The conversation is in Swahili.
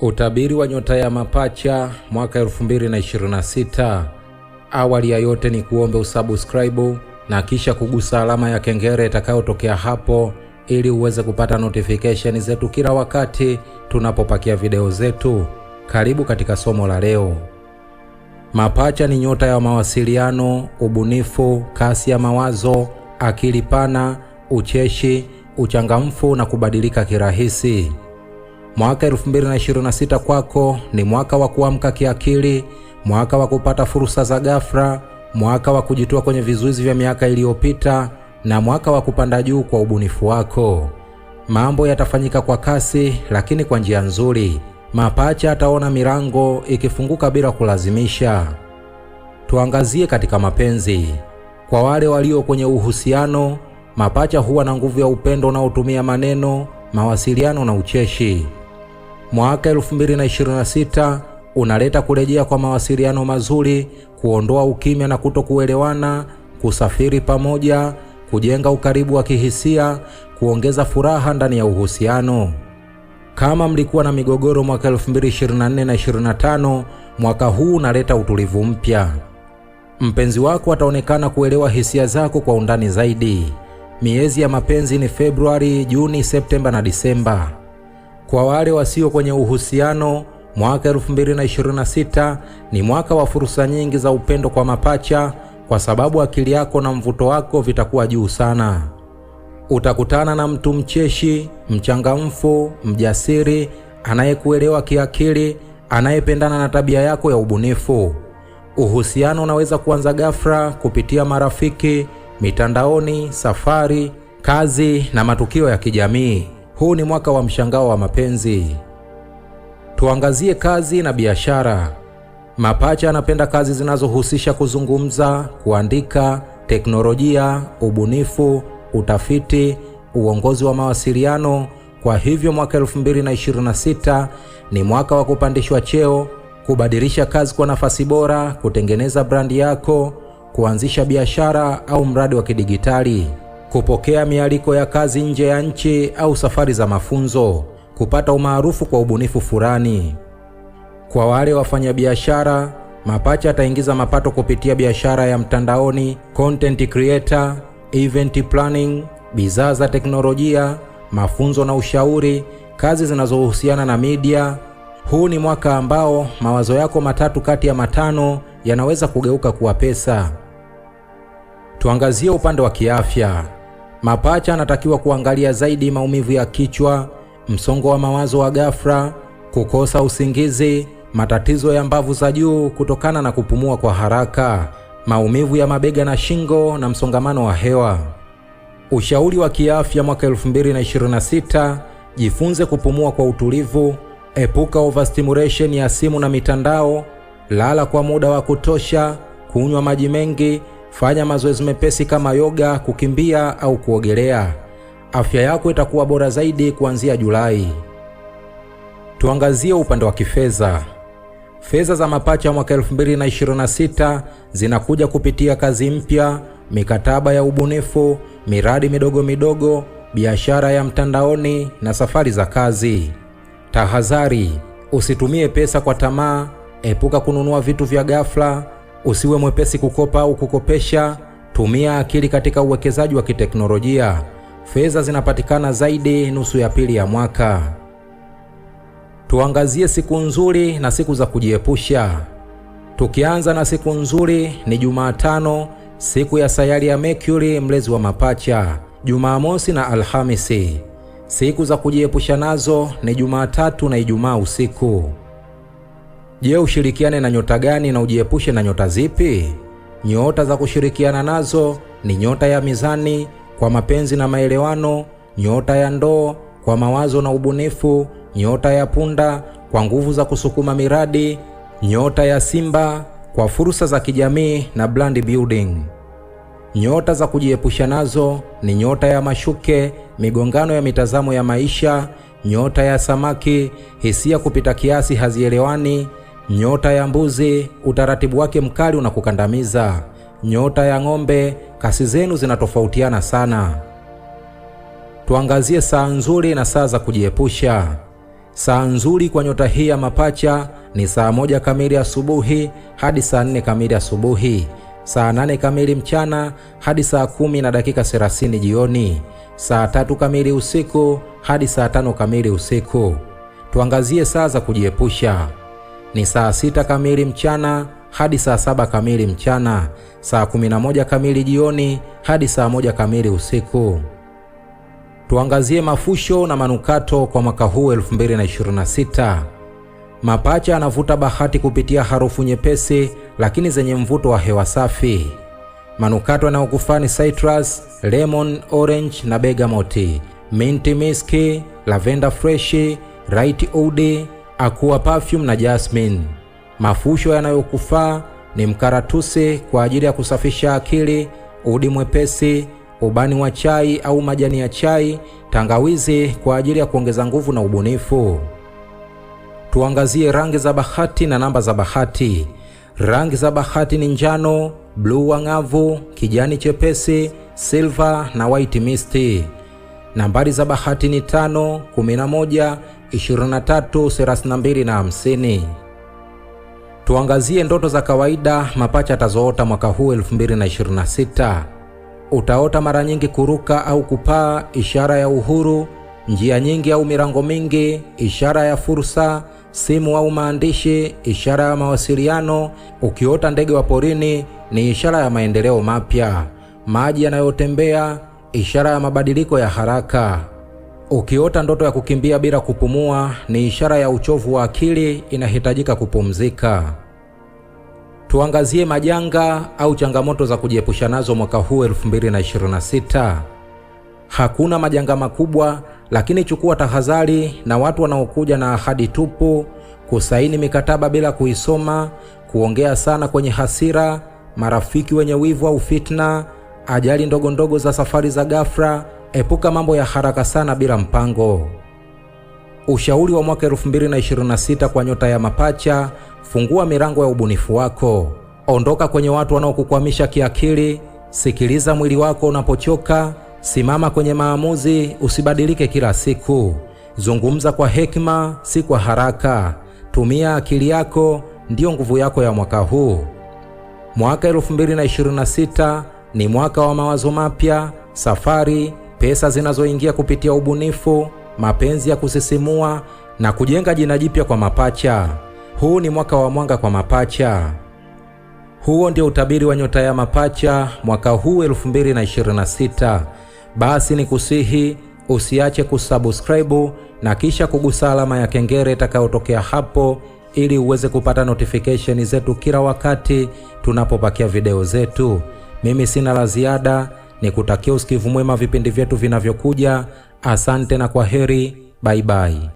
Utabiri wa nyota ya mapacha mwaka 2026. Awali ya yote ni kuombe usubscribe na kisha kugusa alama ya kengele itakayotokea hapo ili uweze kupata notification zetu kila wakati tunapopakia video zetu. Karibu katika somo la leo. Mapacha ni nyota ya mawasiliano, ubunifu, kasi ya mawazo, akili pana, ucheshi, uchangamfu na kubadilika kirahisi. Mwaka 2026 kwako ni mwaka wa kuamka kiakili, mwaka wa kupata fursa za ghafla, mwaka wa kujitoa kwenye vizuizi vya miaka iliyopita na mwaka wa kupanda juu kwa ubunifu wako. Mambo yatafanyika kwa kasi, lakini kwa njia nzuri. Mapacha ataona milango ikifunguka bila kulazimisha. Tuangazie katika mapenzi. Kwa wale walio kwenye uhusiano, mapacha huwa na nguvu ya upendo unaotumia maneno, mawasiliano na ucheshi. Mwaka 2026 unaleta kurejea kwa mawasiliano mazuri, kuondoa ukimya na kutokuelewana, kusafiri pamoja, kujenga ukaribu wa kihisia, kuongeza furaha ndani ya uhusiano. Kama mlikuwa na migogoro mwaka 2024 na 25, mwaka huu unaleta utulivu mpya. Mpenzi wako ataonekana kuelewa hisia zako kwa undani zaidi. Miezi ya mapenzi ni Februari, Juni, Septemba na Disemba. Kwa wale wasio kwenye uhusiano, mwaka 2026 ni mwaka wa fursa nyingi za upendo kwa mapacha, kwa sababu akili yako na mvuto wako vitakuwa juu sana. Utakutana na mtu mcheshi, mchangamfu, mjasiri, anayekuelewa kiakili, anayependana na tabia yako ya ubunifu. Uhusiano unaweza kuanza ghafla kupitia marafiki, mitandaoni, safari, kazi na matukio ya kijamii. Huu ni mwaka wa mshangao wa mapenzi. Tuangazie kazi na biashara. Mapacha anapenda kazi zinazohusisha kuzungumza, kuandika, teknolojia, ubunifu, utafiti, uongozi wa mawasiliano. Kwa hivyo mwaka 2026 ni mwaka wa kupandishwa cheo, kubadilisha kazi kwa nafasi bora, kutengeneza brandi yako, kuanzisha biashara au mradi wa kidigitali kupokea mialiko ya kazi nje ya nchi au safari za mafunzo, kupata umaarufu kwa ubunifu fulani. Kwa wale wafanyabiashara, mapacha ataingiza mapato kupitia biashara ya mtandaoni, content creator, event planning, bidhaa za teknolojia, mafunzo na ushauri, kazi zinazohusiana na media. Huu ni mwaka ambao mawazo yako matatu kati ya matano yanaweza kugeuka kuwa pesa. Tuangazie upande wa kiafya. Mapacha anatakiwa kuangalia zaidi maumivu ya kichwa, msongo wa mawazo wa ghafla, kukosa usingizi, matatizo ya mbavu za juu kutokana na kupumua kwa haraka, maumivu ya mabega na shingo na msongamano wa hewa. Ushauri wa kiafya mwaka 2026: jifunze kupumua kwa utulivu, epuka overstimulation ya simu na mitandao, lala kwa muda wa kutosha, kunywa maji mengi Fanya mazoezi mepesi kama yoga, kukimbia au kuogelea. Afya yako itakuwa bora zaidi kuanzia Julai. Tuangazie upande wa kifedha. Fedha za mapacha mwaka 2026 zinakuja kupitia kazi mpya, mikataba ya ubunifu, miradi midogo midogo, biashara ya mtandaoni na safari za kazi. Tahadhari: usitumie pesa kwa tamaa, epuka kununua vitu vya ghafla Usiwe mwepesi kukopa au kukopesha. Tumia akili katika uwekezaji wa kiteknolojia. Fedha zinapatikana zaidi nusu ya pili ya mwaka. Tuangazie siku nzuri na siku za kujiepusha. Tukianza na siku nzuri ni Jumatano, siku ya sayari ya Mercury, mlezi wa mapacha, Jumamosi na Alhamisi. Siku za kujiepusha nazo ni Jumatatu na Ijumaa usiku. Je, ushirikiane na nyota gani na ujiepushe na nyota zipi? Nyota za kushirikiana nazo ni nyota ya mizani kwa mapenzi na maelewano, nyota ya ndoo kwa mawazo na ubunifu, nyota ya punda kwa nguvu za kusukuma miradi, nyota ya simba kwa fursa za kijamii na brand building. Nyota za kujiepusha nazo ni nyota ya mashuke, migongano ya mitazamo ya maisha, nyota ya samaki, hisia kupita kiasi hazielewani, Nyota ya mbuzi, utaratibu wake mkali unakukandamiza. Nyota ya ng'ombe, kasi zenu zinatofautiana sana. Tuangazie saa nzuri na saa za kujiepusha. Saa nzuri kwa nyota hii ya mapacha ni saa moja kamili asubuhi hadi saa nne kamili asubuhi, saa nane kamili mchana hadi saa kumi na dakika thelathini jioni, saa tatu kamili usiku hadi saa tano kamili usiku. Tuangazie saa za kujiepusha ni saa sita kamili mchana hadi saa saba kamili mchana, saa 11 kamili jioni hadi saa moja kamili usiku. Tuangazie mafusho na manukato kwa mwaka huu 2026. Mapacha anavuta bahati kupitia harufu nyepesi lakini zenye mvuto wa hewa safi. Manukato yanayokufaa ni citrus, lemon, orange na bergamot, minti miski, lavenda freshi, right oud, akuwa perfume na jasmine. Mafusho yanayokufaa ni mkaratuse kwa ajili ya kusafisha akili, udi mwepesi, ubani wa chai au majani ya chai, tangawizi kwa ajili ya kuongeza nguvu na ubunifu. Tuangazie rangi za bahati na namba za bahati. Rangi za bahati ni njano, bluu ang'avu, kijani chepesi, silver na white misti. Nambari za bahati ni tano, kumi na moja 23, 50. Tuangazie ndoto za kawaida mapacha atazoota mwaka huu 2026. Utaota mara nyingi kuruka au kupaa, ishara ya uhuru, njia nyingi au milango mingi, ishara ya fursa, simu au maandishi, ishara ya mawasiliano. Ukiota ndege wa porini ni ishara ya maendeleo mapya. Maji yanayotembea, ishara ya mabadiliko ya haraka. Ukiota ndoto ya kukimbia bila kupumua ni ishara ya uchovu wa akili, inahitajika kupumzika. Tuangazie majanga au changamoto za kujiepusha nazo mwaka huu 2026. Hakuna majanga makubwa, lakini chukua tahadhari na watu wanaokuja na ahadi tupu, kusaini mikataba bila kuisoma, kuongea sana kwenye hasira, marafiki wenye wivu au fitna, ajali ndogo ndogo za safari za ghafla Epuka mambo ya haraka sana bila mpango. Ushauri wa mwaka 2026 kwa nyota ya mapacha: fungua milango ya ubunifu wako, ondoka kwenye watu wanaokukwamisha kiakili, sikiliza mwili wako unapochoka, simama kwenye maamuzi, usibadilike kila siku, zungumza kwa hekima, si kwa haraka, tumia akili yako, ndiyo nguvu yako ya mwaka huu. Mwaka 2026 ni mwaka wa mawazo mapya, safari pesa zinazoingia kupitia ubunifu, mapenzi ya kusisimua na kujenga jina jipya kwa mapacha. Huu ni mwaka wa mwanga kwa mapacha. Huo ndio utabiri wa nyota ya mapacha mwaka huu 2026. Basi ni kusihi usiache kusubscribe na kisha kugusa alama ya kengele itakayotokea hapo ili uweze kupata notification zetu kila wakati tunapopakia video zetu. Mimi sina la ziada ni kutakia usikivu mwema vipindi vyetu vinavyokuja. Asante na kwa heri, baibai.